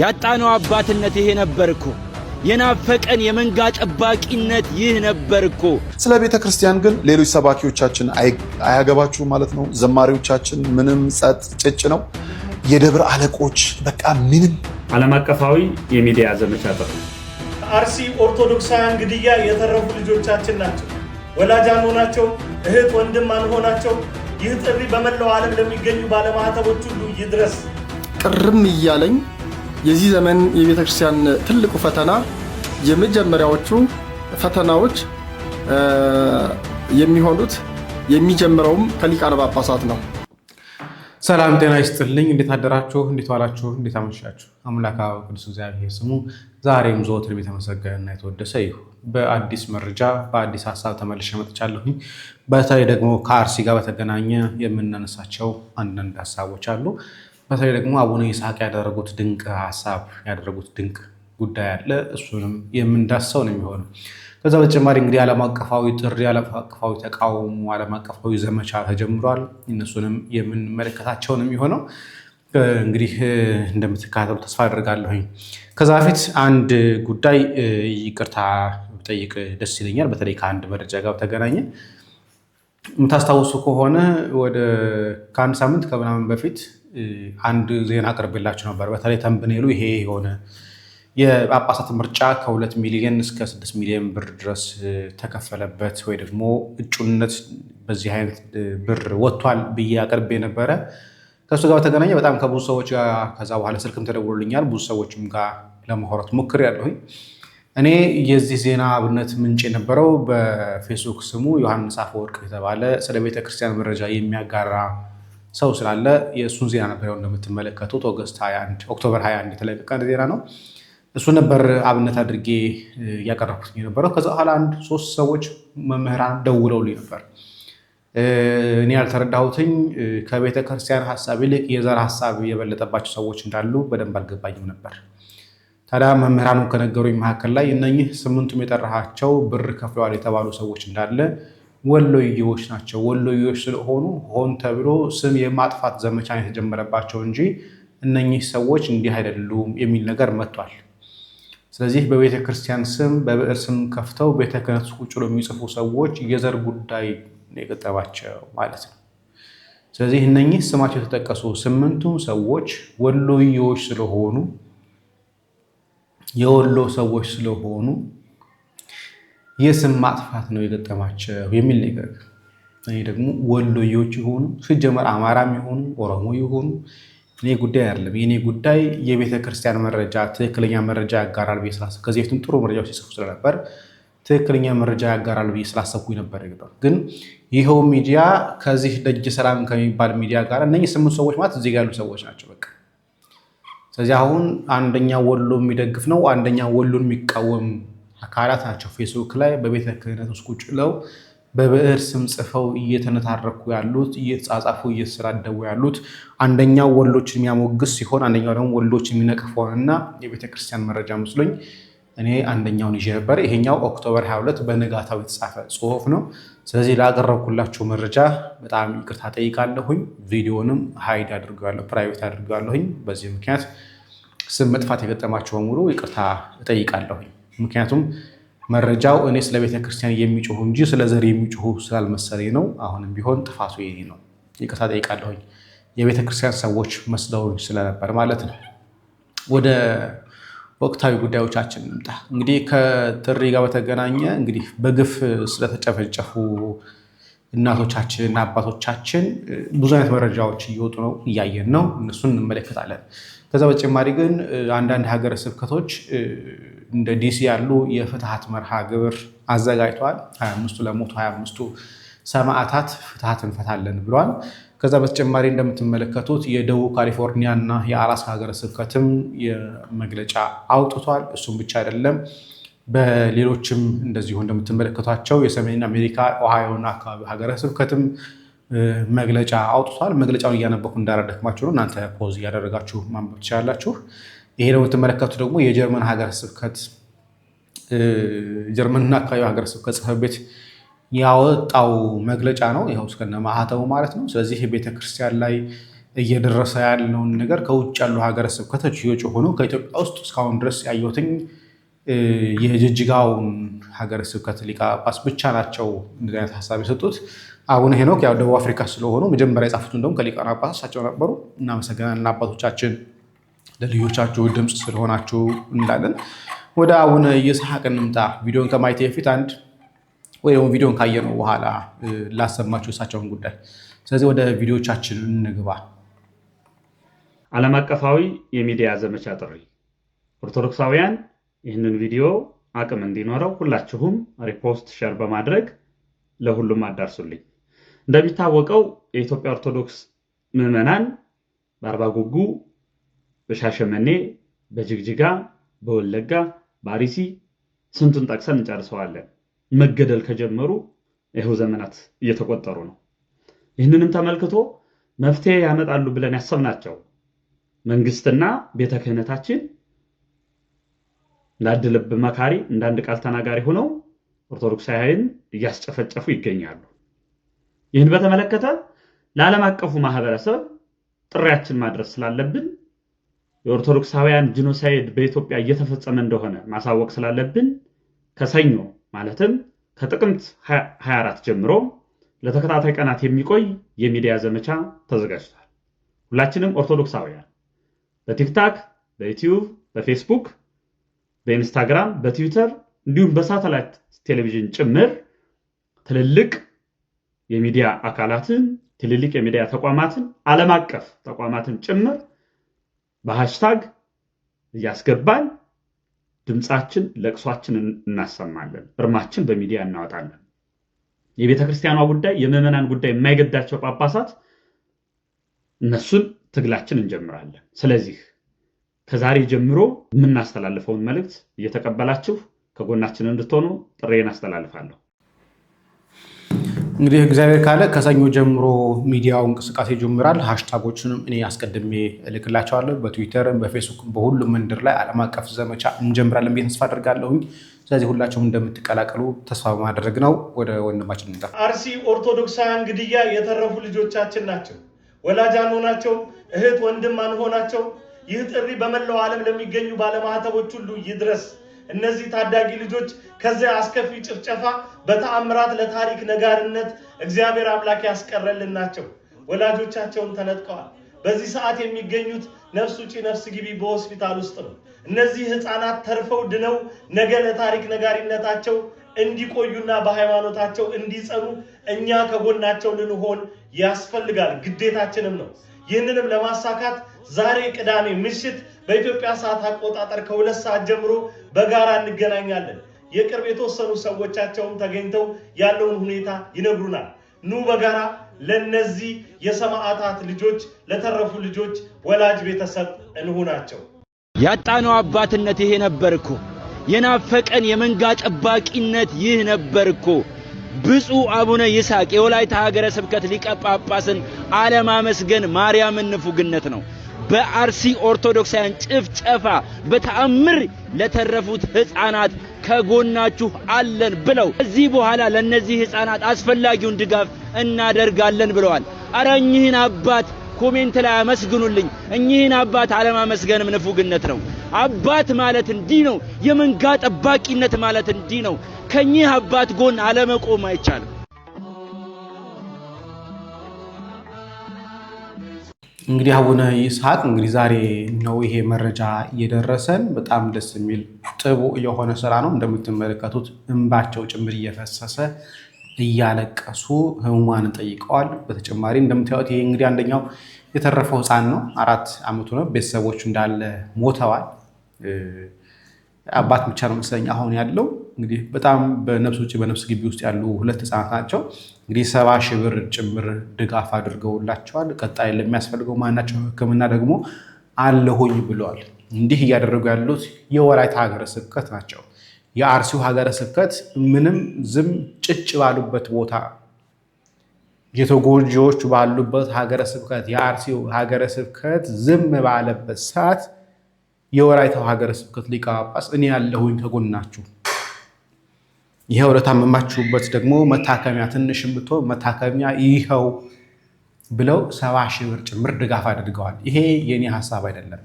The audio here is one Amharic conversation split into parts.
ያጣነው አባትነት ይሄ ነበርኩ። የናፈቀን የመንጋ ጠባቂነት ይህ ነበርኩ። ስለ ቤተ ክርስቲያን ግን ሌሎች ሰባኪዎቻችን አያገባችሁ ማለት ነው። ዘማሪዎቻችን ምንም ጸጥ ጭጭ ነው። የደብር አለቆች በቃ ምንም። ዓለም አቀፋዊ የሚዲያ ዘመቻ ጠሩ። አርሲ ኦርቶዶክሳውያን ግድያ የተረፉ ልጆቻችን ናቸው። ወላጅ አንሆናቸው፣ እህት ወንድም አንሆናቸው። ይህ ጥሪ በመላው ዓለም ለሚገኙ ባለማህተቦች ሁሉ ይድረስ። ቅርም እያለኝ የዚህ ዘመን የቤተ ክርስቲያን ትልቁ ፈተና የመጀመሪያዎቹ ፈተናዎች የሚሆኑት የሚጀምረውም ከሊቃነ ጳጳሳት ነው። ሰላም ጤና ይስጥልኝ። እንዴት አደራችሁ? እንዴት ዋላችሁ? እንዴት አመሻችሁ? አምላክ አብ ቅዱስ እግዚአብሔር ስሙ ዛሬም ዘወትር የተመሰገነና የተወደሰ ይሁን። በአዲስ መረጃ በአዲስ ሀሳብ ተመልሼ መጥቻለሁኝ። በተለይ ደግሞ ከአርሲ ጋር በተገናኘ የምናነሳቸው አንዳንድ ሀሳቦች አሉ። በተለይ ደግሞ አቡነ ይስሐቅ ያደረጉት ድንቅ ሀሳብ ያደረጉት ድንቅ ጉዳይ አለ። እሱንም የምንዳሰው ነው የሚሆነው። ከዛ በተጨማሪ እንግዲህ ዓለም አቀፋዊ ጥሪ፣ ዓለም አቀፋዊ ተቃውሞ፣ ዓለም አቀፋዊ ዘመቻ ተጀምሯል። እነሱንም የምንመለከታቸው ነው የሚሆነው። እንግዲህ እንደምትከታተሉ ተስፋ አደርጋለሁኝ። ከዛ በፊት አንድ ጉዳይ ይቅርታ ብጠይቅ ደስ ይለኛል። በተለይ ከአንድ መረጃ ጋር ተገናኘ የምታስታውሱ ከሆነ ወደ ከአንድ ሳምንት ከምናምን በፊት አንድ ዜና አቅርቤላችሁ ነበር። በተለይ ተንብኔሉ ይሄ የሆነ የጳጳሳት ምርጫ ከሁለት ሚሊዮን እስከ ስድስት ሚሊዮን ብር ድረስ ተከፈለበት ወይ ደግሞ እጩነት በዚህ አይነት ብር ወጥቷል ብዬ አቅርቤ ነበረ። ከሱ ጋር በተገናኘ በጣም ከብዙ ሰዎች ጋር ከዛ በኋላ ስልክም ተደውሎልኛል። ብዙ ሰዎችም ጋር ለማውራት ያለሁኝ እኔ የዚህ ዜና አብነት ምንጭ የነበረው በፌስቡክ ስሙ ዮሐንስ አፈወርቅ የተባለ ስለ ቤተክርስቲያን መረጃ የሚያጋራ ሰው ስላለ የእሱን ዜና ነበር እንደምትመለከቱት ኦገስት 21 ኦክቶበር 21 የተለቀቀ ዜና ነው። እሱ ነበር አብነት አድርጌ እያቀረብኩት የነበረው። ከዛ በኋላ አንድ ሶስት ሰዎች መምህራን ደውለውልኝ ነበር። እኔ ያልተረዳሁትኝ ከቤተ ክርስቲያን ሀሳብ ይልቅ የዘር ሀሳብ የበለጠባቸው ሰዎች እንዳሉ በደንብ አልገባኝም ነበር። ታዲያ መምህራኑ ከነገሩኝ መካከል ላይ እነኚህ ስምንቱም የጠራሃቸው ብር ከፍለዋል የተባሉ ሰዎች እንዳለ ወሎዬዎች ናቸው። ወሎዬዎች ስለሆኑ ሆን ተብሎ ስም የማጥፋት ዘመቻ የተጀመረባቸው እንጂ እነኚህ ሰዎች እንዲህ አይደሉም የሚል ነገር መጥቷል። ስለዚህ በቤተ ክርስቲያን ስም በብዕር ስም ከፍተው ቤተ ክህነት ቁጭ የሚጽፉ ሰዎች የዘር ጉዳይ የገጠባቸው ማለት ነው። ስለዚህ እነኚህ ስማቸው የተጠቀሱ ስምንቱም ሰዎች ወሎዬዎች ስለሆኑ የወሎ ሰዎች ስለሆኑ የስም ማጥፋት ነው የገጠማቸው የሚል ነገር እኔ ደግሞ ወሎዮች የሆኑ ስጀመር አማራም የሆኑ ኦሮሞ የሆኑ እኔ ጉዳይ አይደለም። የእኔ ጉዳይ የቤተ ክርስቲያን መረጃ ትክክለኛ መረጃ ያጋራል ብዬ ስላሰብኩ ከዚህ በፊትም ጥሩ መረጃዎች ሲጽፉ ስለነበር ትክክለኛ መረጃ ያጋራል ብዬ ስላሰብኩ ነበር። ግን ይኸው ሚዲያ ከዚህ ደጅ ሰላም ከሚባል ሚዲያ ጋር እነኝህ ስምንት ሰዎች ማለት እዚህ ያሉ ሰዎች ናቸው። በቃ ስለዚህ አሁን አንደኛ ወሎ የሚደግፍ ነው፣ አንደኛ ወሎን የሚቃወም አካላት ናቸው። ፌስቡክ ላይ በቤተ ክህነት ውስጥ ቁጭ ብለው በብዕር ስም ጽፈው እየተነታረኩ ያሉት እየተጻጻፉ እየተሰዳደቡ ያሉት አንደኛው ወሎችን የሚያሞግስ ሲሆን አንደኛው ደግሞ ወሎችን የሚነቅፍ ሆነና የቤተክርስቲያን መረጃ መስሎኝ እኔ አንደኛውን ይዤ ነበር። ይሄኛው ኦክቶበር 22 በንጋታው የተጻፈ ጽሁፍ ነው። ስለዚህ ላቀረብኩላቸው መረጃ በጣም ይቅርታ ጠይቃለሁኝ። ቪዲዮንም ሀይድ አድርገዋለሁ፣ ፕራይቬት አድርገዋለሁኝ። በዚህ ምክንያት ስም መጥፋት የገጠማቸው በሙሉ ይቅርታ እጠይቃለሁኝ። ምክንያቱም መረጃው እኔ ስለ ቤተ ክርስቲያን የሚጮሁ እንጂ ስለ ዘር የሚጮሁ ስላልመሰለኝ ነው። አሁንም ቢሆን ጥፋቱ የኔ ነው፣ ይቅርታ ጠይቃለሁኝ። የቤተ ክርስቲያን ሰዎች መስለውኝ ስለነበር ማለት ነው። ወደ ወቅታዊ ጉዳዮቻችን እንምጣ። እንግዲህ ከጥሪ ጋር በተገናኘ እንግዲህ በግፍ ስለተጨፈጨፉ እናቶቻችን እና አባቶቻችን ብዙ አይነት መረጃዎች እየወጡ ነው፣ እያየን ነው። እነሱን እንመለከታለን። ከዛ በተጨማሪ ግን አንዳንድ ሀገረ ስብከቶች እንደ ዲሲ ያሉ የፍትሀት መርሃ ግብር አዘጋጅተዋል። ሀያ አምስቱ ለሞቱ ሀያ አምስቱ ሰማዕታት ፍትሀት እንፈታለን ብለዋል። ከዛ በተጨማሪ እንደምትመለከቱት የደቡብ ካሊፎርኒያ እና የአላስካ ሀገረ ስብከትም የመግለጫ አውጥቷል። እሱም ብቻ አይደለም በሌሎችም እንደዚሁ እንደምትመለከቷቸው የሰሜን አሜሪካ ኦሃዮና አካባቢ ሀገረ ስብከትም መግለጫ አውጥቷል። መግለጫውን እያነበኩ እንዳላደክማችሁ ነው። እናንተ ፖዝ እያደረጋችሁ ማንበብ ትችላላችሁ። ይሄ ነው የምትመለከቱ ደግሞ የጀርመን ሀገር ስብከት ጀርመንና አካባቢ ሀገር ስብከት ጽሕፈት ቤት ያወጣው መግለጫ ነው። ይኸው እስከነ ማህተሙ ማለት ነው። ስለዚህ ቤተክርስቲያን ላይ እየደረሰ ያለውን ነገር ከውጭ ያሉ ሀገረ ስብከቶች እየወጭ ሆኖ ከኢትዮጵያ ውስጥ እስካሁን ድረስ ያየሁትኝ የጅጅጋውን ሀገረ ስብከት ሊቀ ጳጳስ ብቻ ናቸው እንደዚህ አይነት ሀሳብ የሰጡት። አቡነ ሄኖክ ያው ደቡብ አፍሪካ ስለሆኑ መጀመሪያ የጻፉት እንደውም ከሊቃነ ጳጳሳት ነበሩ። እናመሰግናለን አባቶቻችን ለልጆቻችሁ ድምፅ ስለሆናችሁ እንላለን። ወደ አቡነ ይስሐቅ እንምጣ። ቪዲዮን ከማየት የፊት አንድ ወይ ደግሞ ቪዲዮን ካየነው በኋላ ላሰማችሁ እሳቸውን ጉዳይ። ስለዚህ ወደ ቪዲዮቻችን እንግባ። ዓለም አቀፋዊ የሚዲያ ዘመቻ ጥሪ። ኦርቶዶክሳውያን ይህንን ቪዲዮ አቅም እንዲኖረው ሁላችሁም ሪፖስት ሸር በማድረግ ለሁሉም አዳርሱልኝ። እንደሚታወቀው የኢትዮጵያ ኦርቶዶክስ ምዕመናን በአርባ ጉጉ፣ በሻሸመኔ፣ በጅግጅጋ፣ በወለጋ፣ በአሪሲ ስንቱን ጠቅሰን እንጨርሰዋለን። መገደል ከጀመሩ ይኸው ዘመናት እየተቆጠሩ ነው። ይህንንም ተመልክቶ መፍትሄ ያመጣሉ ብለን ያሰብናቸው መንግስትና ቤተ ክህነታችን እንዳንድ ልብ መካሪ እንዳንድ ቃል ተናጋሪ ሆነው ኦርቶዶክሳውያን እያስጨፈጨፉ ይገኛሉ። ይህን በተመለከተ ለዓለም አቀፉ ማህበረሰብ ጥሪያችን ማድረስ ስላለብን የኦርቶዶክሳውያን ጂኖሳይድ በኢትዮጵያ እየተፈጸመ እንደሆነ ማሳወቅ ስላለብን ከሰኞ ማለትም ከጥቅምት 24 ጀምሮ ለተከታታይ ቀናት የሚቆይ የሚዲያ ዘመቻ ተዘጋጅቷል። ሁላችንም ኦርቶዶክሳውያን በቲክታክ፣ በዩቲዩብ፣ በፌስቡክ፣ በኢንስታግራም፣ በትዊተር እንዲሁም በሳተላይት ቴሌቪዥን ጭምር ትልልቅ የሚዲያ አካላትን ትልልቅ የሚዲያ ተቋማትን ዓለም አቀፍ ተቋማትን ጭምር በሃሽታግ እያስገባን ድምፃችን፣ ለቅሷችን እናሰማለን። እርማችን በሚዲያ እናወጣለን። የቤተ ክርስቲያኗ ጉዳይ፣ የምዕመናን ጉዳይ የማይገዳቸው ጳጳሳት እነሱን ትግላችን እንጀምራለን። ስለዚህ ከዛሬ ጀምሮ የምናስተላልፈውን መልእክት እየተቀበላችሁ ከጎናችን እንድትሆኑ ጥሬን አስተላልፋለሁ። እንግዲህ እግዚአብሔር ካለ ከሰኞ ጀምሮ ሚዲያው እንቅስቃሴ ይጀምራል። ሀሽታጎችንም እኔ አስቀድሜ እልክላቸዋለሁ። በትዊተርም በፌስቡክም በሁሉም መንደር ላይ ዓለም አቀፍ ዘመቻ እንጀምራለን ብዬ ተስፋ አድርጋለሁኝ። ስለዚህ ሁላችሁም እንደምትቀላቀሉ ተስፋ በማድረግ ነው። ወደ ወንድማችን እንጣ አርሲ ኦርቶዶክሳውያን ግድያ የተረፉ ልጆቻችን ናቸው። ወላጅ አንሆናቸው፣ እህት ወንድም አንሆናቸው። ይህ ጥሪ በመላው ዓለም ለሚገኙ ባለማህተቦች ሁሉ ይድረስ። እነዚህ ታዳጊ ልጆች ከዚያ አስከፊ ጭፍጨፋ በተአምራት ለታሪክ ነጋሪነት እግዚአብሔር አምላክ ያስቀረልን ናቸው። ወላጆቻቸውን ተነጥቀዋል። በዚህ ሰዓት የሚገኙት ነፍስ ውጪ ነፍስ ግቢ በሆስፒታል ውስጥ ነው። እነዚህ ህፃናት ተርፈው ድነው ነገ ለታሪክ ነጋሪነታቸው እንዲቆዩና በሃይማኖታቸው እንዲጸኑ እኛ ከጎናቸው ልንሆን ያስፈልጋል፣ ግዴታችንም ነው። ይህንንም ለማሳካት ዛሬ ቅዳሜ ምሽት በኢትዮጵያ ሰዓት አቆጣጠር ከሁለት ሰዓት ጀምሮ በጋራ እንገናኛለን። የቅርብ የተወሰኑ ሰዎቻቸውም ተገኝተው ያለውን ሁኔታ ይነግሩናል። ኑ በጋራ ለነዚህ የሰማዕታት ልጆች ለተረፉ ልጆች ወላጅ ቤተሰብ እንሁናቸው። ያጣነው አባትነት ይሄ ነበርኮ። የናፈቀን የመንጋ ጠባቂነት ይህ ነበርኮ። ብፁዕ አቡነ ይስሐቅ የወላይታ ሀገረ ስብከት ሊቀ ጳጳስን አለማመስገን ማርያምን ንፉግነት ነው። በአርሲ ኦርቶዶክሳውያን ጭፍጨፋ በተአምር ለተረፉት ሕፃናት ከጎናችሁ አለን ብለው ከዚህ በኋላ ለነዚህ ሕፃናት አስፈላጊውን ድጋፍ እናደርጋለን ብለዋል። አረ እኚህን አባት ኮሜንት ላይ አመስግኑልኝ። እኚህን አባት አለማመስገንም ንፉግነት ነው። አባት ማለት እንዲህ ነው። የመንጋ ጠባቂነት ማለት እንዲህ ነው። ከኚህ አባት ጎን አለመቆም አይቻልም። እንግዲህ አቡነ ይስሐቅ እንግዲህ ዛሬ ነው ይሄ መረጃ እየደረሰን። በጣም ደስ የሚል ጥቡ የሆነ ስራ ነው። እንደምትመለከቱት እንባቸው ጭምር እየፈሰሰ እያለቀሱ ህሙማን ጠይቀዋል። በተጨማሪ እንደምታዩት ይህ እንግዲህ አንደኛው የተረፈው ህፃን ነው። አራት ዓመቱ ነው። ቤተሰቦቹ እንዳለ ሞተዋል። አባት ብቻ ነው መሰለኝ አሁን ያለው። እንግዲህ በጣም በነፍስ ውጭ በነፍስ ግቢ ውስጥ ያሉ ሁለት ህፃናት ናቸው። እንግዲህ ሰባ ሺህ ብር ጭምር ድጋፍ አድርገውላቸዋል። ቀጣይ ለሚያስፈልገው ማናቸው ህክምና ደግሞ አለሁኝ ብለዋል። እንዲህ እያደረጉ ያሉት የወላይታ ሀገረ ስብከት ናቸው። የአርሲው ሀገረ ስብከት ምንም ዝም ጭጭ ባሉበት ቦታ የተጎጂዎች ባሉበት ሀገረ ስብከት የአርሲው ሀገረ ስብከት ዝም ባለበት ሰዓት የወላይታው ሀገረ ስብከት ሊቀ ጳጳስ እኔ ያለሁኝ ከጎናችሁ፣ ይኸው ለታመማችሁበት ደግሞ መታከሚያ ትንሽም ብትሆን መታከሚያ ይኸው ብለው ሰባ ሺህ ብር ጭምር ድጋፍ አድርገዋል። ይሄ የኔ ሀሳብ አይደለም።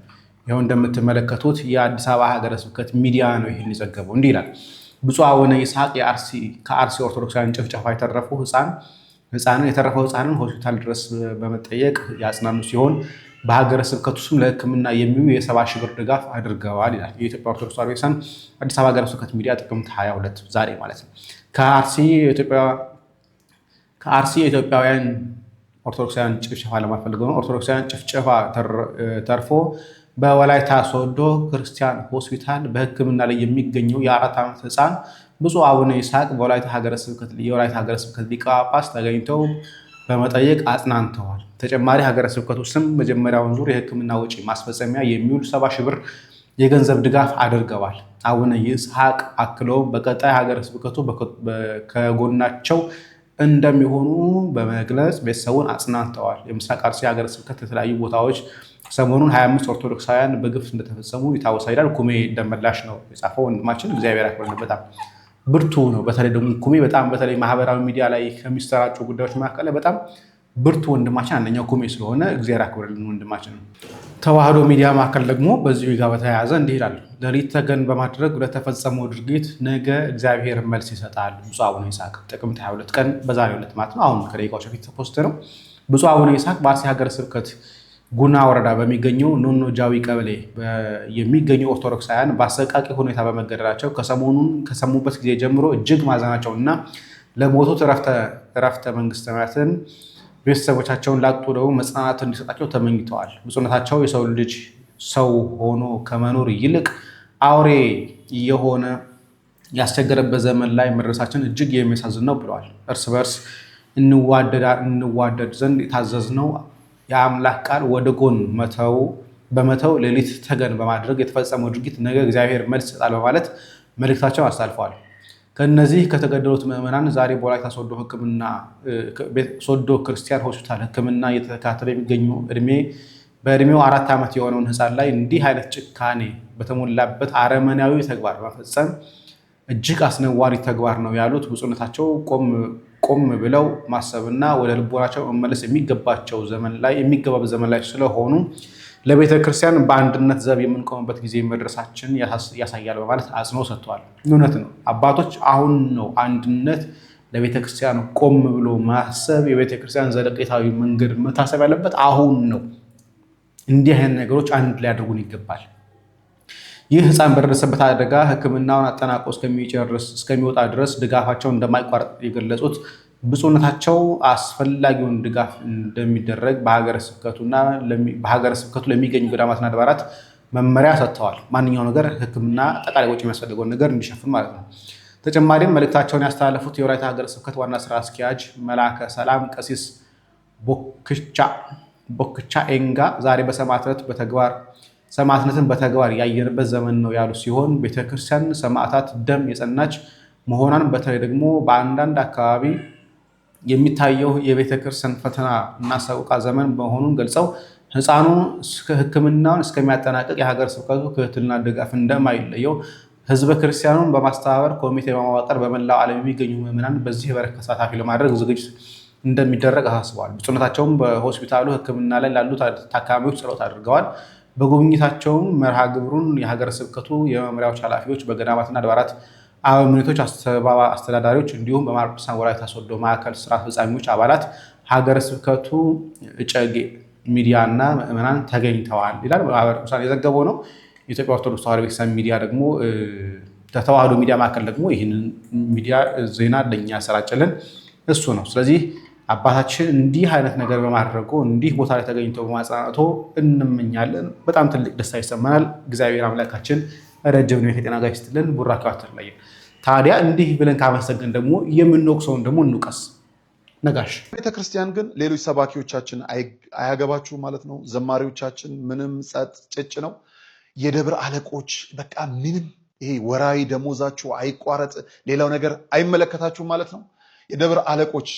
ይኸው እንደምትመለከቱት የአዲስ አበባ ሀገረ ስብከት ሚዲያ ነው ይህን የዘገበው። እንዲህ ይላል። ብፁዕ አቡነ ይስሐቅ ከአርሲ ኦርቶዶክሳውያን ጭፍጨፋ የተረፉ ህፃን ህፃንን የተረፈው ህፃንን ሆስፒታል ድረስ በመጠየቅ ያጽናኑ ሲሆን በሀገረ ስብከቱ ስም ለሕክምና የሚውል የሰባ ሺህ ብር ድጋፍ አድርገዋል ይላል የኢትዮጵያ ኦርቶዶክስ ተዋሕዶ ቤተክርስቲያን አዲስ አበባ ሀገረ ስብከት ሚዲያ ጥቅምት 22 ዛሬ ማለት ነው። ከአርሲ የኢትዮጵያውያን ኦርቶዶክሳውያን ጭፍጨፋ ለማፈልገው ነው። ኦርቶዶክሳውያን ጭፍጨፋ ተርፎ በወላይታ ሶዶ ክርስቲያን ሆስፒታል በሕክምና ላይ የሚገኘው የአራት ዓመት ህፃን ብፁዕ አቡነ ይስሐቅ በወላይታ ሀገረ ስብከት የወላይታ ሀገረ ስብከት ሊቀ ጳጳስ ተገኝተው በመጠየቅ አጽናንተዋል። ተጨማሪ ሀገረ ስብከቱ ስም መጀመሪያውን ዙር የሕክምና ወጪ ማስፈጸሚያ የሚውል ሰባ ሺህ ብር የገንዘብ ድጋፍ አድርገዋል። አቡነ ይስሐቅ አክለውም በቀጣይ ሀገረ ስብከቱ ከጎናቸው እንደሚሆኑ በመግለጽ ቤተሰቡን አጽናንተዋል። የምስራቅ አርሲ ሀገረ ስብከት የተለያዩ ቦታዎች ሰሞኑን 25 ኦርቶዶክሳውያን በግፍ እንደተፈጸሙ ይታወሳ ይላል። ኩሜ እንደመላሽ ነው የጻፈው ወንድማችን። እግዚአብሔር ያክብረን። በጣም ብርቱ ነው። በተለይ ደግሞ ኩሜ በጣም በተለይ ማህበራዊ ሚዲያ ላይ ከሚሰራጩ ጉዳዮች መካከል በጣም ብርቱ ወንድማችን አንደኛው ኩሜ ስለሆነ እግዚአብሔር ያክብረልን ወንድማችን። ተዋህዶ ሚዲያ መካከል ደግሞ በዚሁ ጋር በተያያዘ እንዲህ ይላል። ሌሊት ተገን በማድረግ ለተፈጸመው ድርጊት ነገ እግዚአብሔር መልስ ይሰጣል። ብፁዕ አቡነ ይስሐቅ ጥቅምት 22 ቀን በዛሬው ዕለት ማለት ነው። አሁን ከደቂቃዎች በፊት ተፖስተ ነው። ብፁዕ አቡነ ይስሐቅ በአርሲ ሀገረ ስብከት ጉና ወረዳ በሚገኘው ኖኖ ጃዊ ቀበሌ የሚገኙ ኦርቶዶክሳውያን በአሰቃቂ ሁኔታ በመገደላቸው ከሰሞኑን ከሰሙበት ጊዜ ጀምሮ እጅግ ማዘናቸው እና ለሞቱት እረፍተ መንግስተ ሰማያትን ቤተሰቦቻቸውን ላጡ ደግሞ መጽናናት እንዲሰጣቸው ተመኝተዋል። ብፁዕነታቸው የሰው ልጅ ሰው ሆኖ ከመኖር ይልቅ አውሬ የሆነ ያስቸገረበት ዘመን ላይ መድረሳችን እጅግ የሚያሳዝን ነው ብለዋል። እርስ በርስ እንዋደድ ዘንድ የታዘዝ ነው። የአምላክ ቃል ወደ ጎን መተው በመተው ሌሊት ተገን በማድረግ የተፈጸመው ድርጊት ነገ እግዚአብሔር መልስ ይሰጣል በማለት መልእክታቸውን አሳልፈዋል። ከነዚህ ከተገደሉት ምዕመናን ዛሬ በወላይታ ሶዶ ሕክምና ሶዶ ክርስቲያን ሆስፒታል ሕክምና እየተከታተለ የሚገኙ እድሜ በእድሜው አራት ዓመት የሆነውን ህፃን ላይ እንዲህ አይነት ጭካኔ በተሞላበት አረመናዊ ተግባር መፈጸም እጅግ አስነዋሪ ተግባር ነው ያሉት ብፁዕነታቸው ቆም ቆም ብለው ማሰብና ወደ ልቦናቸው መመለስ የሚገባቸው ዘመን ላይ የሚገባበት ዘመን ላይ ስለሆኑ ለቤተ ክርስቲያን በአንድነት ዘብ የምንቆምበት ጊዜ መድረሳችን ያሳያል በማለት አጽንኦ ሰጥተዋል። እውነት ነው። አባቶች አሁን ነው አንድነት ለቤተ ክርስቲያን ቆም ብሎ ማሰብ የቤተ ክርስቲያን ዘለቄታዊ መንገድ መታሰብ ያለበት አሁን ነው። እንዲህ አይነት ነገሮች አንድ ላይ ይገባል። ይህ ህፃን በደረሰበት አደጋ ህክምናውን አጠናቆ እስከሚጨርስ እስከሚወጣ ድረስ ድጋፋቸውን እንደማይቋረጥ የገለጹት ብፁዕነታቸው አስፈላጊውን ድጋፍ እንደሚደረግ በሀገረ ስብከቱ ለሚገኙ ገዳማትና አድባራት መመሪያ ሰጥተዋል። ማንኛው ነገር ህክምና አጠቃላይ ወጪ የሚያስፈልገውን ነገር እንዲሸፍን ማለት ነው። ተጨማሪም መልእክታቸውን ያስተላለፉት የወላይታ ሀገረ ስብከት ዋና ስራ አስኪያጅ መላከ ሰላም ቀሲስ ቦክቻ ኤንጋ ዛሬ በሰማዕትነት በተግባር ሰማዕትነትን በተግባር ያየንበት ዘመን ነው ያሉ ሲሆን ቤተክርስቲያን ሰማዕታት ደም የጸናች መሆኗን በተለይ ደግሞ በአንዳንድ አካባቢ የሚታየው የቤተክርስቲያን ፈተና እና ሰቆቃ ዘመን መሆኑን ገልጸው ህፃኑ ሕክምናውን እስከሚያጠናቀቅ የሀገር ስብከቱ ክትትልና ድጋፍ እንደማይለየው ህዝበ ክርስቲያኑን በማስተባበር ኮሚቴ በማዋቀር በመላው ዓለም የሚገኙ ምዕመናን በዚህ በረከት ተሳታፊ ለማድረግ ዝግጅት እንደሚደረግ አሳስበዋል። ብፁዕነታቸውም በሆስፒታሉ ሕክምና ላይ ላሉ ታካሚዎች ጸሎት አድርገዋል። በጉብኝታቸውም መርሃ ግብሩን የሀገረ ስብከቱ የመምሪያዎች ኃላፊዎች፣ በገዳማትና አድባራት አበምኔቶች፣ አስተዳዳሪዎች እንዲሁም በማርቆስና ወላይታ ሶዶ ማዕከል ስራ አስፈጻሚዎች አባላት ሀገረ ስብከቱ እጨጌ ሚዲያ እና ምዕመናን ተገኝተዋል ይላል ማኅበረ የዘገበው ነው። የኢትዮጵያ ኦርቶዶክስ ተዋሕዶ ቤተክርስቲያን ሚዲያ ደግሞ ተዋሕዶ ሚዲያ ማዕከል ደግሞ ይህንን ሚዲያ ዜና ለእኛ ያሰራጨልን እሱ ነው። ስለዚህ አባታችን እንዲህ አይነት ነገር በማድረጉ እንዲህ ቦታ ላይ ተገኝቶ በማጽናናቶ እንመኛለን። በጣም ትልቅ ደስታ ይሰማናል። እግዚአብሔር አምላካችን ረጅም ዕድሜ ከጤና ጋር ይስጥልን። ቡራኪዋት ላይ ታዲያ እንዲህ ብለን ካመሰግን ደግሞ የምንወቅሰውን ደግሞ እንውቀስ። ነጋሽ ቤተክርስቲያን ግን ሌሎች ሰባኪዎቻችን አያገባችሁ ማለት ነው። ዘማሪዎቻችን ምንም ጸጥ ጭጭ ነው። የደብር አለቆች በቃ ምንም ይሄ ወራዊ ደሞዛችሁ አይቋረጥ፣ ሌላው ነገር አይመለከታችሁም ማለት ነው። የደብር አለቆች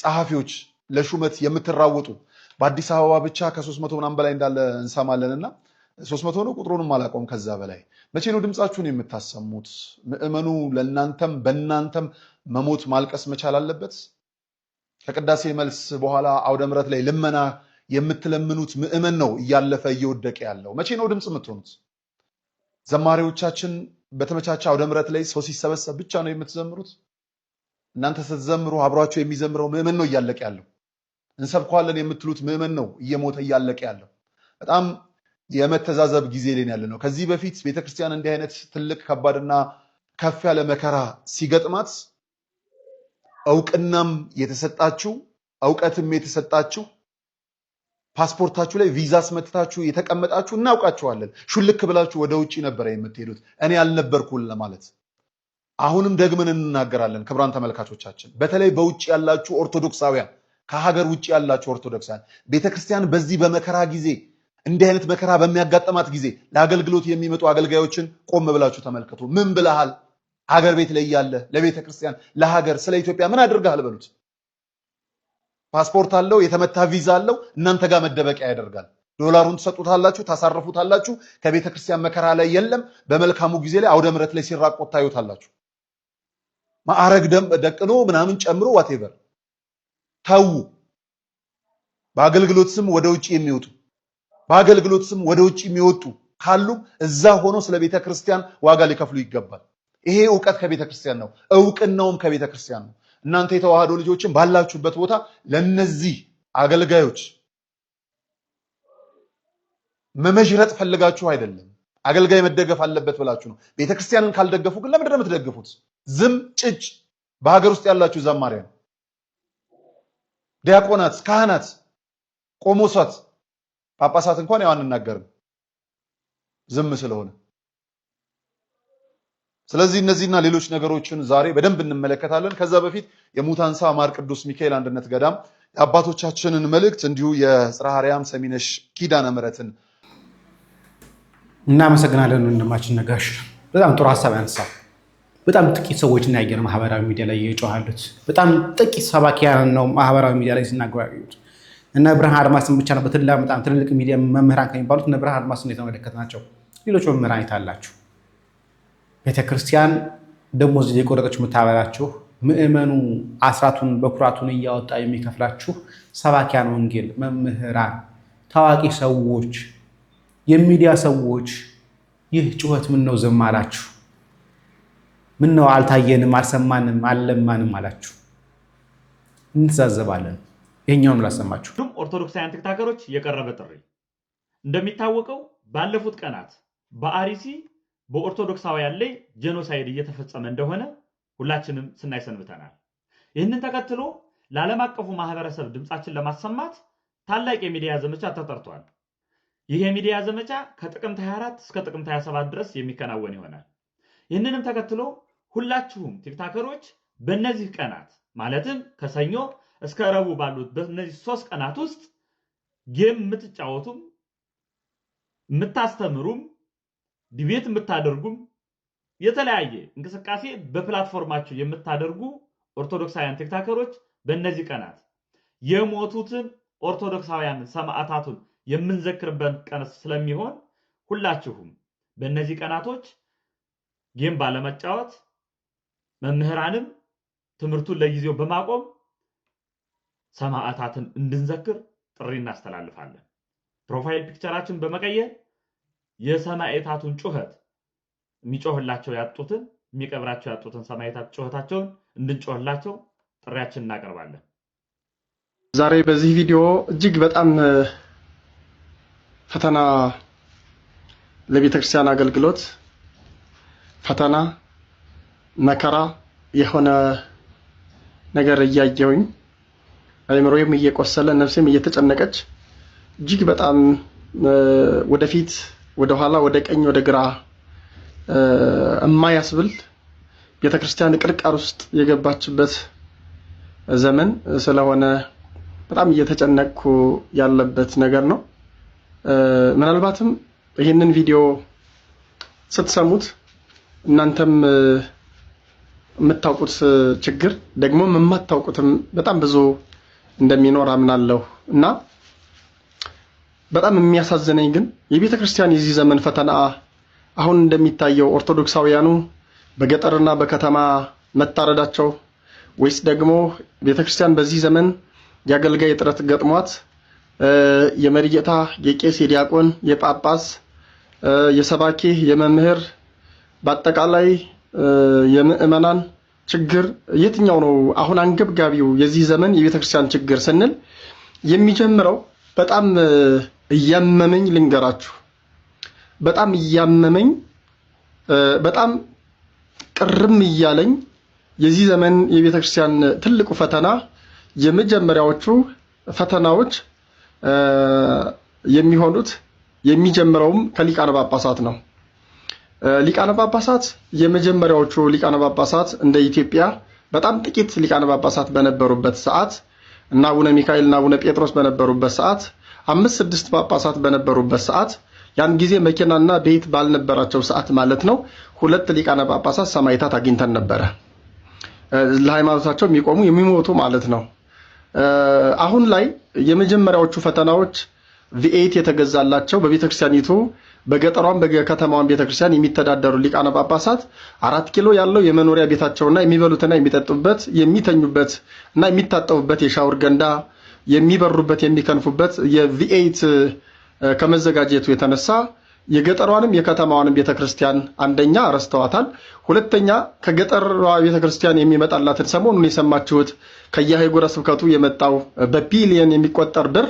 ጸሐፊዎች ለሹመት የምትራወጡ በአዲስ አበባ ብቻ ከሶስት መቶ ምናምን በላይ እንዳለ እንሰማለን እና ሶስት መቶ ነው ቁጥሩንም አላውቀውም። ከዛ በላይ መቼ ነው ድምፃችሁን የምታሰሙት? ምዕመኑ ለእናንተም በእናንተም መሞት ማልቀስ መቻል አለበት። ከቅዳሴ መልስ በኋላ አውደ ምረት ላይ ልመና የምትለምኑት ምእመን ነው እያለፈ እየወደቀ ያለው። መቼ ነው ድምፅ የምትሆኑት? ዘማሪዎቻችን በተመቻቸ አውደ ምረት ላይ ሰው ሲሰበሰብ ብቻ ነው የምትዘምሩት? እናንተ ስትዘምሩ አብሯቸው የሚዘምረው ምዕመን ነው እያለቀ ያለው። እንሰብከዋለን የምትሉት ምዕመን ነው እየሞተ እያለቀ ያለው። በጣም የመተዛዘብ ጊዜ ላይ ያለ ነው። ከዚህ በፊት ቤተክርስቲያን እንዲህ አይነት ትልቅ ከባድና ከፍ ያለ መከራ ሲገጥማት እውቅናም የተሰጣችሁ እውቀትም የተሰጣችሁ ፓስፖርታችሁ ላይ ቪዛ አስመትታችሁ የተቀመጣችሁ እናውቃችኋለን። ሹልክ ብላችሁ ወደ ውጭ ነበረ የምትሄዱት እኔ ያልነበርኩን ለማለት አሁንም ደግመን እንናገራለን። ክብራን ተመልካቾቻችን በተለይ በውጭ ያላችሁ ኦርቶዶክሳውያን፣ ከሀገር ውጭ ያላችሁ ኦርቶዶክሳውያን ቤተክርስቲያን በዚህ በመከራ ጊዜ እንዲህ አይነት መከራ በሚያጋጥማት ጊዜ ለአገልግሎት የሚመጡ አገልጋዮችን ቆም ብላችሁ ተመልከቱ። ምን ብለሃል? ሀገር ቤት ላይ ያለ ለቤተክርስቲያን ለሀገር ስለ ኢትዮጵያ ምን አድርገሃል በሉት። ፓስፖርት አለው፣ የተመታ ቪዛ አለው፣ እናንተ ጋር መደበቂያ ያደርጋል። ዶላሩን ትሰጡታላችሁ፣ ታሳርፉታላችሁ። ከቤተክርስቲያን መከራ ላይ የለም። በመልካሙ ጊዜ ላይ አውደ ምረት ላይ ሲራቆት ታዩታላችሁ። ማዕረግ ደቅኖ ምናምን ጨምሮ ዋቴቨር ተዉ። በአገልግሎት ስም ወደ ውጭ የሚወጡ በአገልግሎት ስም ወደ ውጭ የሚወጡ ካሉ እዛ ሆኖ ስለ ቤተ ክርስቲያን ዋጋ ሊከፍሉ ይገባል። ይሄ እውቀት ከቤተ ክርስቲያን ነው፣ እውቅናውም ከቤተ ክርስቲያን ነው። እናንተ የተዋህዶ ልጆችን ባላችሁበት ቦታ ለነዚህ አገልጋዮች መመዥረጥ ፈልጋችሁ አይደለም። አገልጋይ መደገፍ አለበት ብላችሁ ነው። ቤተክርስቲያንን ካልደገፉ ግን ለምንድን ነው የምትደግፉት? ዝም ጭጭ በሀገር ውስጥ ያላችሁ ዘማሪያን፣ ዲያቆናት፣ ካህናት፣ ቆሞሳት፣ ጳጳሳት እንኳን ያው አንናገርም ዝም ስለሆነ። ስለዚህ እነዚህና ሌሎች ነገሮችን ዛሬ በደንብ እንመለከታለን። ከዛ በፊት የሙታንሳ ማር ቅዱስ ሚካኤል አንድነት ገዳም የአባቶቻችንን መልእክት እንዲሁ የጽርሐ አርያም ሰሚነሽ ኪዳነ ምሕረትን እናመሰግናለን። ወንድማችን ነጋሽ በጣም ጥሩ ሀሳብ ያነሳው። በጣም ጥቂት ሰዎች እናየን ማህበራዊ ሚዲያ ላይ የጮሃሉት። በጣም ጥቂት ሰባኪያን ነው ማህበራዊ ሚዲያ ላይ ሲናገሩ ያገኙት። እነ ብርሃን አድማስን ብቻ ነው በጣም ትልልቅ ሚዲያ መምህራን ከሚባሉት እነ ብርሃን አድማስን የተመለከትናቸው። ሌሎች መምህራን የታላችሁ? ቤተክርስቲያን ደሞዝ የቆረጠች የምታበላችሁ፣ ምእመኑ አስራቱን በኩራቱን እያወጣ የሚከፍላችሁ ሰባኪያን ወንጌል፣ መምህራን፣ ታዋቂ ሰዎች፣ የሚዲያ ሰዎች ይህ ጩኸት ምን ነው ዝም አላችሁ? ምን ነው አልታየንም፣ አልሰማንም፣ አልለማንም አላችሁ። እንተዛዘባለን። ይሄኛውም ላሰማችሁ። ሁሉም ኦርቶዶክሳውያን ትክታከሮች የቀረበ ጥሪ እንደሚታወቀው ባለፉት ቀናት በአርሲ በኦርቶዶክሳውያን ላይ ጄኖሳይድ እየተፈጸመ እንደሆነ ሁላችንም ስናይ ሰንብተናል። ይህንን ተከትሎ ለዓለም አቀፉ ማህበረሰብ ድምፃችን ለማሰማት ታላቅ የሚዲያ ዘመቻ ተጠርቷል። ይህ የሚዲያ ዘመቻ ከጥቅምት 24 እስከ ጥቅምት 27 ድረስ የሚከናወን ይሆናል። ይህንንም ተከትሎ ሁላችሁም ቲክታከሮች በእነዚህ ቀናት ማለትም ከሰኞ እስከ ረቡዕ ባሉት በእነዚህ ሶስት ቀናት ውስጥ ጌም የምትጫወቱም የምታስተምሩም ዲቤት የምታደርጉም የተለያየ እንቅስቃሴ በፕላትፎርማቸው የምታደርጉ ኦርቶዶክሳውያን ቲክታከሮች በእነዚህ ቀናት የሞቱትን ኦርቶዶክሳውያን ሰማዕታቱን የምንዘክርበት ቀን ስለሚሆን ሁላችሁም በእነዚህ ቀናቶች ጌም ባለመጫወት መምህራንም ትምህርቱን ለጊዜው በማቆም ሰማዕታትን እንድንዘክር ጥሪ እናስተላልፋለን። ፕሮፋይል ፒክቸራችን በመቀየር የሰማዕታቱን ጩኸት የሚጮህላቸው ያጡትን የሚቀብራቸው ያጡትን ሰማዕታት ጩኸታቸውን እንድንጮህላቸው ጥሪያችን እናቀርባለን። ዛሬ በዚህ ቪዲዮ እጅግ በጣም ፈተና ለቤተክርስቲያን አገልግሎት ፈተና መከራ የሆነ ነገር እያየውኝ አይምሮዬም እየቆሰለ ነፍሴም እየተጨነቀች እጅግ በጣም ወደፊት ወደኋላ ወደ ቀኝ ወደ ግራ እማያስብል ቤተክርስቲያን ቅርቃር ውስጥ የገባችበት ዘመን ስለሆነ በጣም እየተጨነቅኩ ያለበት ነገር ነው። ምናልባትም ይህንን ቪዲዮ ስትሰሙት እናንተም የምታውቁት ችግር ደግሞ የማታውቁትም በጣም ብዙ እንደሚኖር አምናለሁ እና በጣም የሚያሳዝነኝ ግን የቤተ ክርስቲያን የዚህ ዘመን ፈተና አሁን እንደሚታየው ኦርቶዶክሳውያኑ በገጠርና በከተማ መታረዳቸው ወይስ ደግሞ ቤተ ክርስቲያን በዚህ ዘመን የአገልጋይ እጥረት ገጥሟት የመሪ የቄስ፣ የዲያቆን፣ የጳጳስ፣ የሰባኪ፣ የመምህር በአጠቃላይ የምዕመናን ችግር የትኛው ነው? አሁን አንገብጋቢው የዚህ ዘመን የቤተክርስቲያን ችግር ስንል የሚጀምረው በጣም እያመመኝ ልንገራችሁ፣ በጣም እያመመኝ፣ በጣም ቅርም እያለኝ የዚህ ዘመን የቤተክርስቲያን ትልቁ ፈተና የመጀመሪያዎቹ ፈተናዎች የሚሆኑት የሚጀምረውም ከሊቃነ ጳጳሳት ነው። ሊቃነ ጳጳሳት የመጀመሪያዎቹ ሊቃነ ጳጳሳት እንደ ኢትዮጵያ በጣም ጥቂት ሊቃነ ጳጳሳት በነበሩበት ሰዓት እና አቡነ ሚካኤል እና አቡነ ጴጥሮስ በነበሩበት ሰዓት አምስት ስድስት ጳጳሳት በነበሩበት ሰዓት ያን ጊዜ መኪናና ቤት ባልነበራቸው ሰዓት ማለት ነው። ሁለት ሊቃነ ጳጳሳት ሰማይታት አግኝተን ነበረ። ለሃይማኖታቸው የሚቆሙ የሚሞቱ ማለት ነው። አሁን ላይ የመጀመሪያዎቹ ፈተናዎች ቪኤት የተገዛላቸው በቤተክርስቲያኒቱ በገጠሯም በከተማዋን ቤተክርስቲያን የሚተዳደሩ ሊቃነ ጳጳሳት አራት ኪሎ ያለው የመኖሪያ ቤታቸውና የሚበሉትና የሚጠጡበት የሚተኙበት እና የሚታጠቡበት የሻወር ገንዳ የሚበሩበት የሚከንፉበት የቪኤት ከመዘጋጀቱ የተነሳ የገጠሯንም የከተማዋንም ቤተክርስቲያን አንደኛ ረስተዋታል። ሁለተኛ ከገጠሯ ቤተክርስቲያን የሚመጣላትን ሰሞኑን የሰማችሁት ከየአህጉረ ስብከቱ የመጣው በቢሊየን የሚቆጠር ብር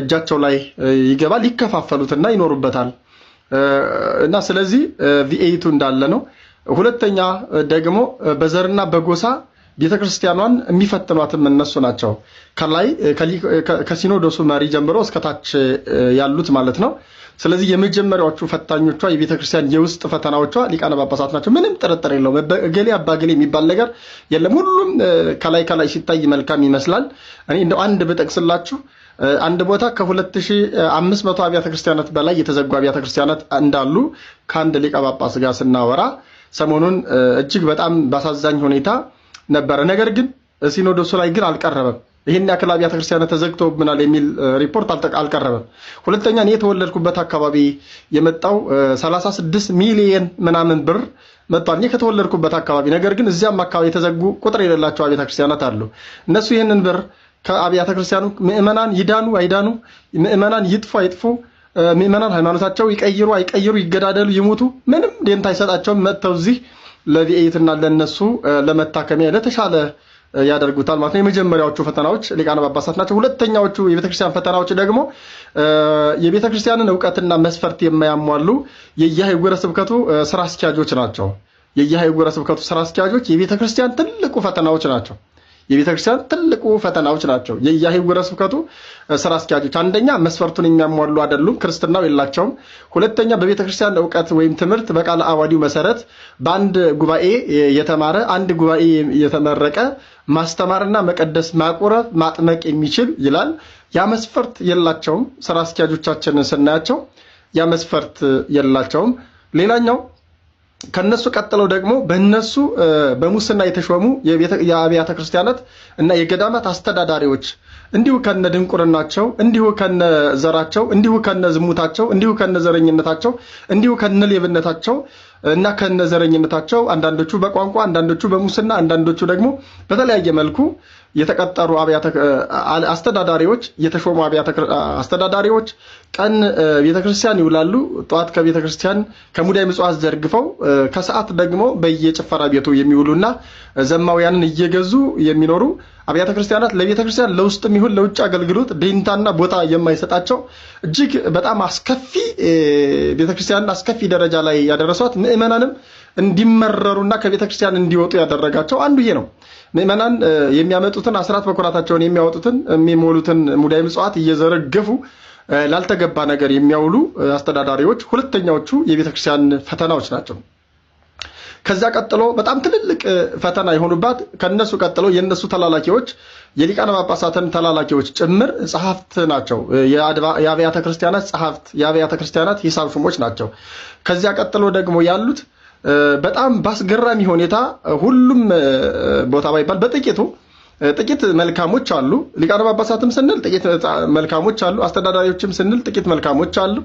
እጃቸው ላይ ይገባል። ይከፋፈሉትና ይኖሩበታል። እና ስለዚህ ቪኤይቱ እንዳለ ነው። ሁለተኛ ደግሞ በዘርና በጎሳ ቤተክርስቲያኗን የሚፈትኗትም እነሱ ናቸው። ከላይ ከሲኖዶሱ መሪ ጀምሮ እስከታች ያሉት ማለት ነው። ስለዚህ የመጀመሪያዎቹ ፈታኞቿ የቤተክርስቲያን የውስጥ ፈተናዎቿ ሊቃነ ጳጳሳት ናቸው። ምንም ጥርጥር የለውም። እገሌ አባገሌ የሚባል ነገር የለም። ሁሉም ከላይ ከላይ ሲታይ መልካም ይመስላል። እኔ እንደው አንድ ብጠቅስላችሁ አንድ ቦታ ከ2500 አብያተ ክርስቲያናት በላይ የተዘጉ አብያተ ክርስቲያናት እንዳሉ ከአንድ ሊቀ ጳጳስ ጋር ስናወራ ሰሞኑን እጅግ በጣም በአሳዛኝ ሁኔታ ነበረ። ነገር ግን ሲኖዶሱ ላይ ግን አልቀረበም። ይህን ያክል አብያተ ክርስቲያናት ተዘግተውብናል የሚል ሪፖርት አልቀረበም። ሁለተኛ እኔ የተወለድኩበት አካባቢ የመጣው 36 ሚሊየን ምናምን ብር መጥቷል። እኔ ከተወለድኩበት አካባቢ ነገር ግን እዚያም አካባቢ የተዘጉ ቁጥር የሌላቸው አብያተ ክርስቲያናት አሉ። እነሱ ይህንን ብር ከአብያተ ክርስቲያኑ ምእመናን ይዳኑ አይዳኑ፣ ምእመናን ይጥፉ አይጥፉ፣ ምእመናን ሃይማኖታቸው ይቀይሩ አይቀይሩ፣ ይገዳደሉ ይሞቱ፣ ምንም ደንታ አይሰጣቸውም። መጥተው እዚህ ለቪኤትና ለነሱ ለመታከሚያ ለተሻለ ያደርጉታል ማለት ነው። የመጀመሪያዎቹ ፈተናዎች ሊቃነ ጳጳሳት ናቸው። ሁለተኛዎቹ የቤተክርስቲያን ፈተናዎች ደግሞ የቤተክርስቲያንን እውቀትና መስፈርት የማያሟሉ የየሀገረ ስብከቱ ስራ አስኪያጆች ናቸው። የየሀገረ ስብከቱ ስራ አስኪያጆች የቤተክርስቲያን ትልቁ ፈተናዎች ናቸው። የቤተክርስቲያን ትልቁ ፈተናዎች ናቸው። የኢያሕጉረ ስብከቱ ስራ አስኪያጆች አንደኛ መስፈርቱን የሚያሟሉ አይደሉም፣ ክርስትናው የላቸውም። ሁለተኛ በቤተክርስቲያን እውቀት ወይም ትምህርት በቃለ አዋዲው መሰረት በአንድ ጉባኤ የተማረ አንድ ጉባኤ የተመረቀ ማስተማርና መቀደስ ማቁረብ ማጥመቅ የሚችል ይላል። ያ መስፈርት የላቸውም። ስራ አስኪያጆቻችንን ስናያቸው ያ መስፈርት የላቸውም። ሌላኛው ከነሱ ቀጥለው ደግሞ በእነሱ በሙስና የተሾሙ የአብያተ ክርስቲያናት እና የገዳማት አስተዳዳሪዎች እንዲሁ ከነ ድንቁርናቸው እንዲሁ ከነ ዘራቸው እንዲሁ ከነ ዝሙታቸው እንዲሁ ከነ ዘረኝነታቸው እንዲሁ ከነ ሌብነታቸው እና ከነ ዘረኝነታቸው አንዳንዶቹ በቋንቋ አንዳንዶቹ በሙስና አንዳንዶቹ ደግሞ በተለያየ መልኩ የተቀጠሩ አስተዳዳሪዎች የተሾሙ አብያተ አስተዳዳሪዎች ቀን ቤተክርስቲያን ይውላሉ። ጠዋት ከቤተክርስቲያን ከሙዳይ ምጽዋት ዘርግፈው ከሰዓት ደግሞ በየጭፈራ ቤቱ የሚውሉና ዘማውያንን እየገዙ የሚኖሩ አብያተ ክርስቲያናት ለቤተ ክርስቲያን ለውስጥም ይሁን ለውጭ አገልግሎት ደንታና ቦታ የማይሰጣቸው እጅግ በጣም አስከፊ ቤተክርስቲያንን አስከፊ ደረጃ ላይ ያደረሷት ምእመናንም እንዲመረሩና ከቤተ ክርስቲያን እንዲወጡ ያደረጋቸው አንዱ ይሄ ነው። ምእመናን የሚያመጡትን አስራት በኩራታቸውን የሚያወጡትን የሚሞሉትን ሙዳይ ምጽዋት እየዘረገፉ ላልተገባ ነገር የሚያውሉ አስተዳዳሪዎች ሁለተኛዎቹ የቤተ ክርስቲያን ፈተናዎች ናቸው። ከዛ ቀጥሎ በጣም ትልልቅ ፈተና የሆኑባት ከነሱ ቀጥሎ የነሱ ተላላኪዎች የሊቃነ ጳጳሳትን ተላላኪዎች ጭምር ጸሐፍት ናቸው። የአብያተ ክርስቲያናት ጸሐፍት፣ የአብያተ ክርስቲያናት ሂሳብ ሹሞች ናቸው። ከዚያ ቀጥሎ ደግሞ ያሉት በጣም በአስገራሚ ሁኔታ ሁሉም ቦታ ባይባል በጥቂቱ ጥቂት መልካሞች አሉ። ሊቃነ ጳጳሳትም ስንል ጥቂት መልካሞች አሉ። አስተዳዳሪዎችም ስንል ጥቂት መልካሞች አሉ።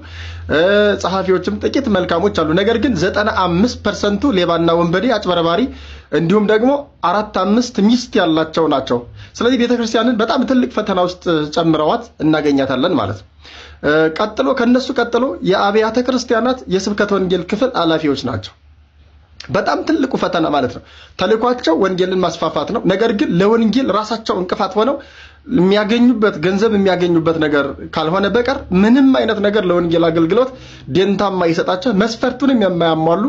ጸሐፊዎችም ጥቂት መልካሞች አሉ። ነገር ግን ዘጠና አምስት ፐርሰንቱ ሌባና ወንበዴ፣ አጭበረባሪ እንዲሁም ደግሞ አራት አምስት ሚስት ያላቸው ናቸው። ስለዚህ ቤተክርስቲያንን በጣም ትልቅ ፈተና ውስጥ ጨምረዋት እናገኛታለን ማለት ነው። ቀጥሎ ከነሱ ቀጥሎ የአብያተ ክርስቲያናት የስብከት ወንጌል ክፍል ኃላፊዎች ናቸው። በጣም ትልቁ ፈተና ማለት ነው። ተልኳቸው ወንጌልን ማስፋፋት ነው። ነገር ግን ለወንጌል ራሳቸው እንቅፋት ሆነው የሚያገኙበት ገንዘብ የሚያገኙበት ነገር ካልሆነ በቀር ምንም አይነት ነገር ለወንጌል አገልግሎት ደንታ የማይሰጣቸው መስፈርቱንም የማያሟሉ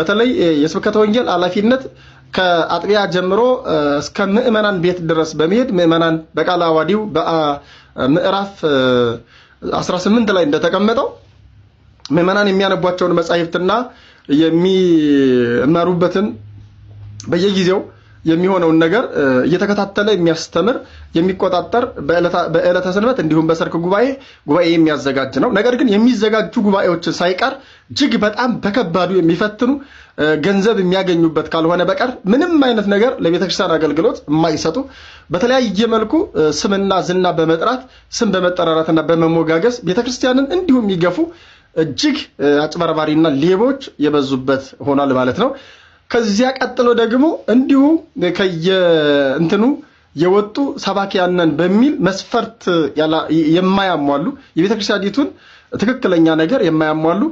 በተለይ የስብከተ ወንጌል ኃላፊነት ከአጥቢያ ጀምሮ እስከ ምዕመናን ቤት ድረስ በመሄድ ምዕመናን በቃለ ዓዋዲው በምዕራፍ 18 ላይ እንደተቀመጠው ምዕመናን የሚያነቧቸውን መጻሕፍትና የሚማሩበትን በየጊዜው የሚሆነውን ነገር እየተከታተለ የሚያስተምር የሚቆጣጠር በዕለተ ስንበት እንዲሁም በሰርክ ጉባኤ ጉባኤ የሚያዘጋጅ ነው። ነገር ግን የሚዘጋጁ ጉባኤዎችን ሳይቀር እጅግ በጣም በከባዱ የሚፈትኑ ገንዘብ የሚያገኙበት ካልሆነ በቀር ምንም አይነት ነገር ለቤተክርስቲያን አገልግሎት የማይሰጡ በተለያየ መልኩ ስምና ዝና በመጥራት ስም በመጠራራትና በመሞጋገስ ቤተክርስቲያንን እንዲሁም የሚገፉ እጅግ አጭበርባሪና ሌቦች የበዙበት ሆኗል ማለት ነው። ከዚያ ቀጥሎ ደግሞ እንዲሁ ከየእንትኑ የወጡ ሰባኪያነን በሚል መስፈርት የማያሟሉ የቤተክርስቲያኒቱን ትክክለኛ ነገር የማያሟሉ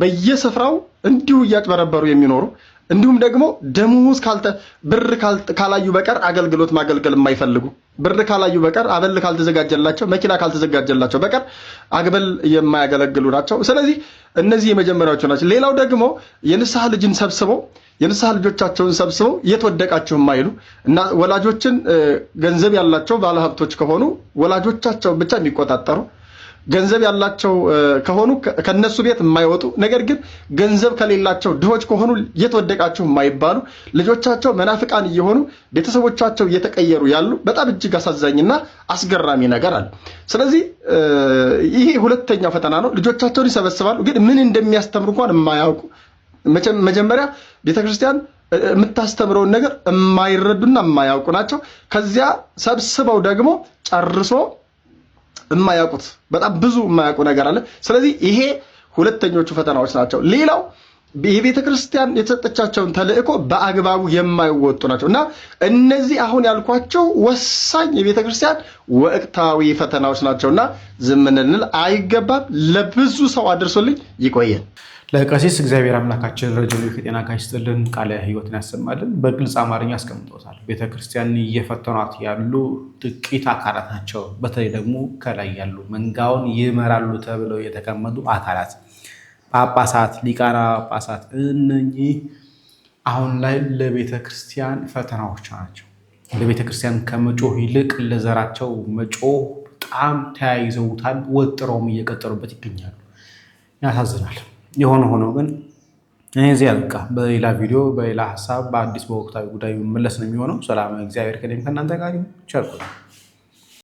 በየስፍራው እንዲሁ እያጭበረበሩ የሚኖሩ እንዲሁም ደግሞ ደሞዝ ብር ካላዩ በቀር አገልግሎት ማገልገል የማይፈልጉ ብር ካላዩ በቀር አበል ካልተዘጋጀላቸው መኪና ካልተዘጋጀላቸው በቀር አግበል የማያገለግሉ ናቸው። ስለዚህ እነዚህ የመጀመሪያዎቹ ናቸው። ሌላው ደግሞ የንስሐ ልጅን ሰብስበው የንስሐ ልጆቻቸውን ሰብስበው የት ወደቃችሁ የማይሉ እና ወላጆችን ገንዘብ ያላቸው ባለሀብቶች ከሆኑ ወላጆቻቸው ብቻ የሚቆጣጠሩ ገንዘብ ያላቸው ከሆኑ ከነሱ ቤት የማይወጡ ነገር ግን ገንዘብ ከሌላቸው ድሆች ከሆኑ የት ወደቃችሁ የማይባሉ ልጆቻቸው መናፍቃን እየሆኑ ቤተሰቦቻቸው እየተቀየሩ ያሉ በጣም እጅግ አሳዛኝና አስገራሚ ነገር አለ። ስለዚህ ይሄ ሁለተኛው ፈተና ነው። ልጆቻቸውን ይሰበስባሉ፣ ግን ምን እንደሚያስተምሩ እንኳን የማያውቁ መጀመሪያ ቤተክርስቲያን የምታስተምረውን ነገር የማይረዱና የማያውቁ ናቸው። ከዚያ ሰብስበው ደግሞ ጨርሶ የማያውቁት በጣም ብዙ የማያውቁ ነገር አለ። ስለዚህ ይሄ ሁለተኞቹ ፈተናዎች ናቸው። ሌላው የቤተ ክርስቲያን የተሰጠቻቸውን ተልእኮ በአግባቡ የማይወጡ ናቸው እና እነዚህ አሁን ያልኳቸው ወሳኝ የቤተ ክርስቲያን ወቅታዊ ፈተናዎች ናቸው እና ዝም አይገባም። ለብዙ ሰው አድርሶልኝ ይቆየን። ለቀሲስ እግዚአብሔር አምላካችን ረጅም ከጤና ካሽ ይስጥልን፣ ቃለ ሕይወትን ያሰማልን። በግልጽ አማርኛ አስቀምጦታል። ቤተክርስቲያን እየፈተኗት ያሉ ጥቂት አካላት ናቸው። በተለይ ደግሞ ከላይ ያሉ መንጋውን ይመራሉ ተብለው የተቀመጡ አካላት ጳጳሳት፣ ሊቃነ ጳጳሳት፣ እነኚህ አሁን ላይ ለቤተክርስቲያን ፈተናዎች ናቸው። ለቤተክርስቲያን ከመጮህ ይልቅ ለዘራቸው መጮህ በጣም ተያይዘውታል። ወጥረውም እየቀጠሩበት ይገኛሉ። ያሳዝናል። የሆነ ሆኖ ግን እኔ እዚህ ያልቃ። በሌላ ቪዲዮ በሌላ ሀሳብ በአዲስ በወቅታዊ ጉዳይ መለስ ነው የሚሆነው። ሰላም፣ እግዚአብሔር ከእኔም ከእናንተ ጋር ይሁን። ቸር ቆዩ።